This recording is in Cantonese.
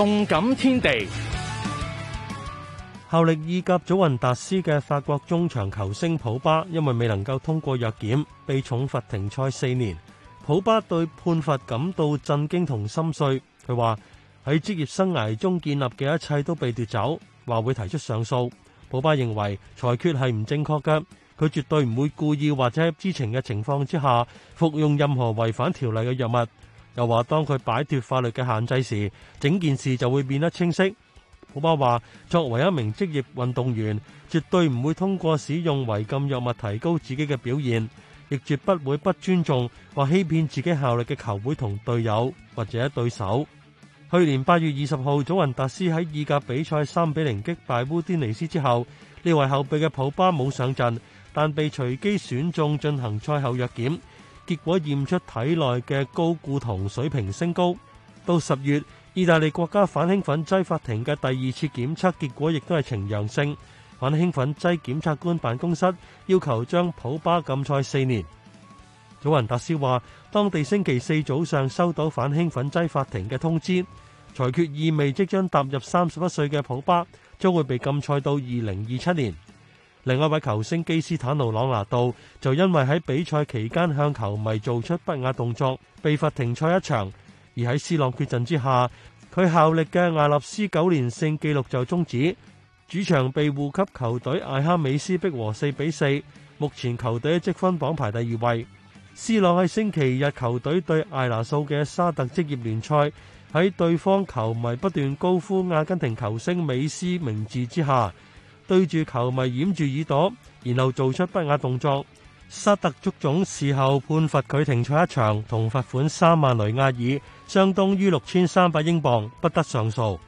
動感天地，效力意甲祖雲達斯嘅法國中場球星普巴，因為未能夠通過藥檢，被重罰停賽四年。普巴對判罰感到震驚同心碎，佢話喺職業生涯中建立嘅一切都被奪走，話會提出上訴。普巴認為裁決係唔正確嘅，佢絕對唔會故意或者喺知情嘅情況之下服用任何違反條例嘅藥物。又話當佢擺脫法律嘅限制時，整件事就會變得清晰。普巴話：作為一名職業運動員，絕對唔會通過使用違禁藥物提高自己嘅表現，亦絕不會不尊重或欺騙自己效力嘅球會同隊友或者對手。去年八月二十號，祖云達斯喺意甲比賽三比零擊敗烏丁尼斯之後，呢位後備嘅普巴冇上陣，但被隨機選中進行賽後藥檢。結果驗出體內嘅高固酮水平升高。到十月，意大利國家反興奮劑法庭嘅第二次檢測結果亦都係呈陽性。反興奮劑檢察官辦公室要求將普巴禁賽四年。祖雲達斯話：當地星期四早上收到反興奮劑法庭嘅通知，裁決意味即將踏入三十一歲嘅普巴將會被禁賽到二零二七年。另一位球星基斯坦奴·朗拿度，就因為喺比賽期間向球迷做出不雅動作，被罰停賽一場。而喺斯朗缺陣之下，佢效力嘅艾納斯九連勝紀錄就終止，主場被護級球隊艾哈美斯逼和四比四，目前球隊積分榜排第二位。斯朗喺星期日球隊對艾拿素嘅沙特職業聯賽，喺對方球迷不斷高呼阿根廷球星美斯名字之下，對住球迷掩住耳朵，然後做出不雅動作，沙特足總事後判罰佢停賽一場，同罰款三萬雷亞爾，相當於六千三百英鎊，不得上訴。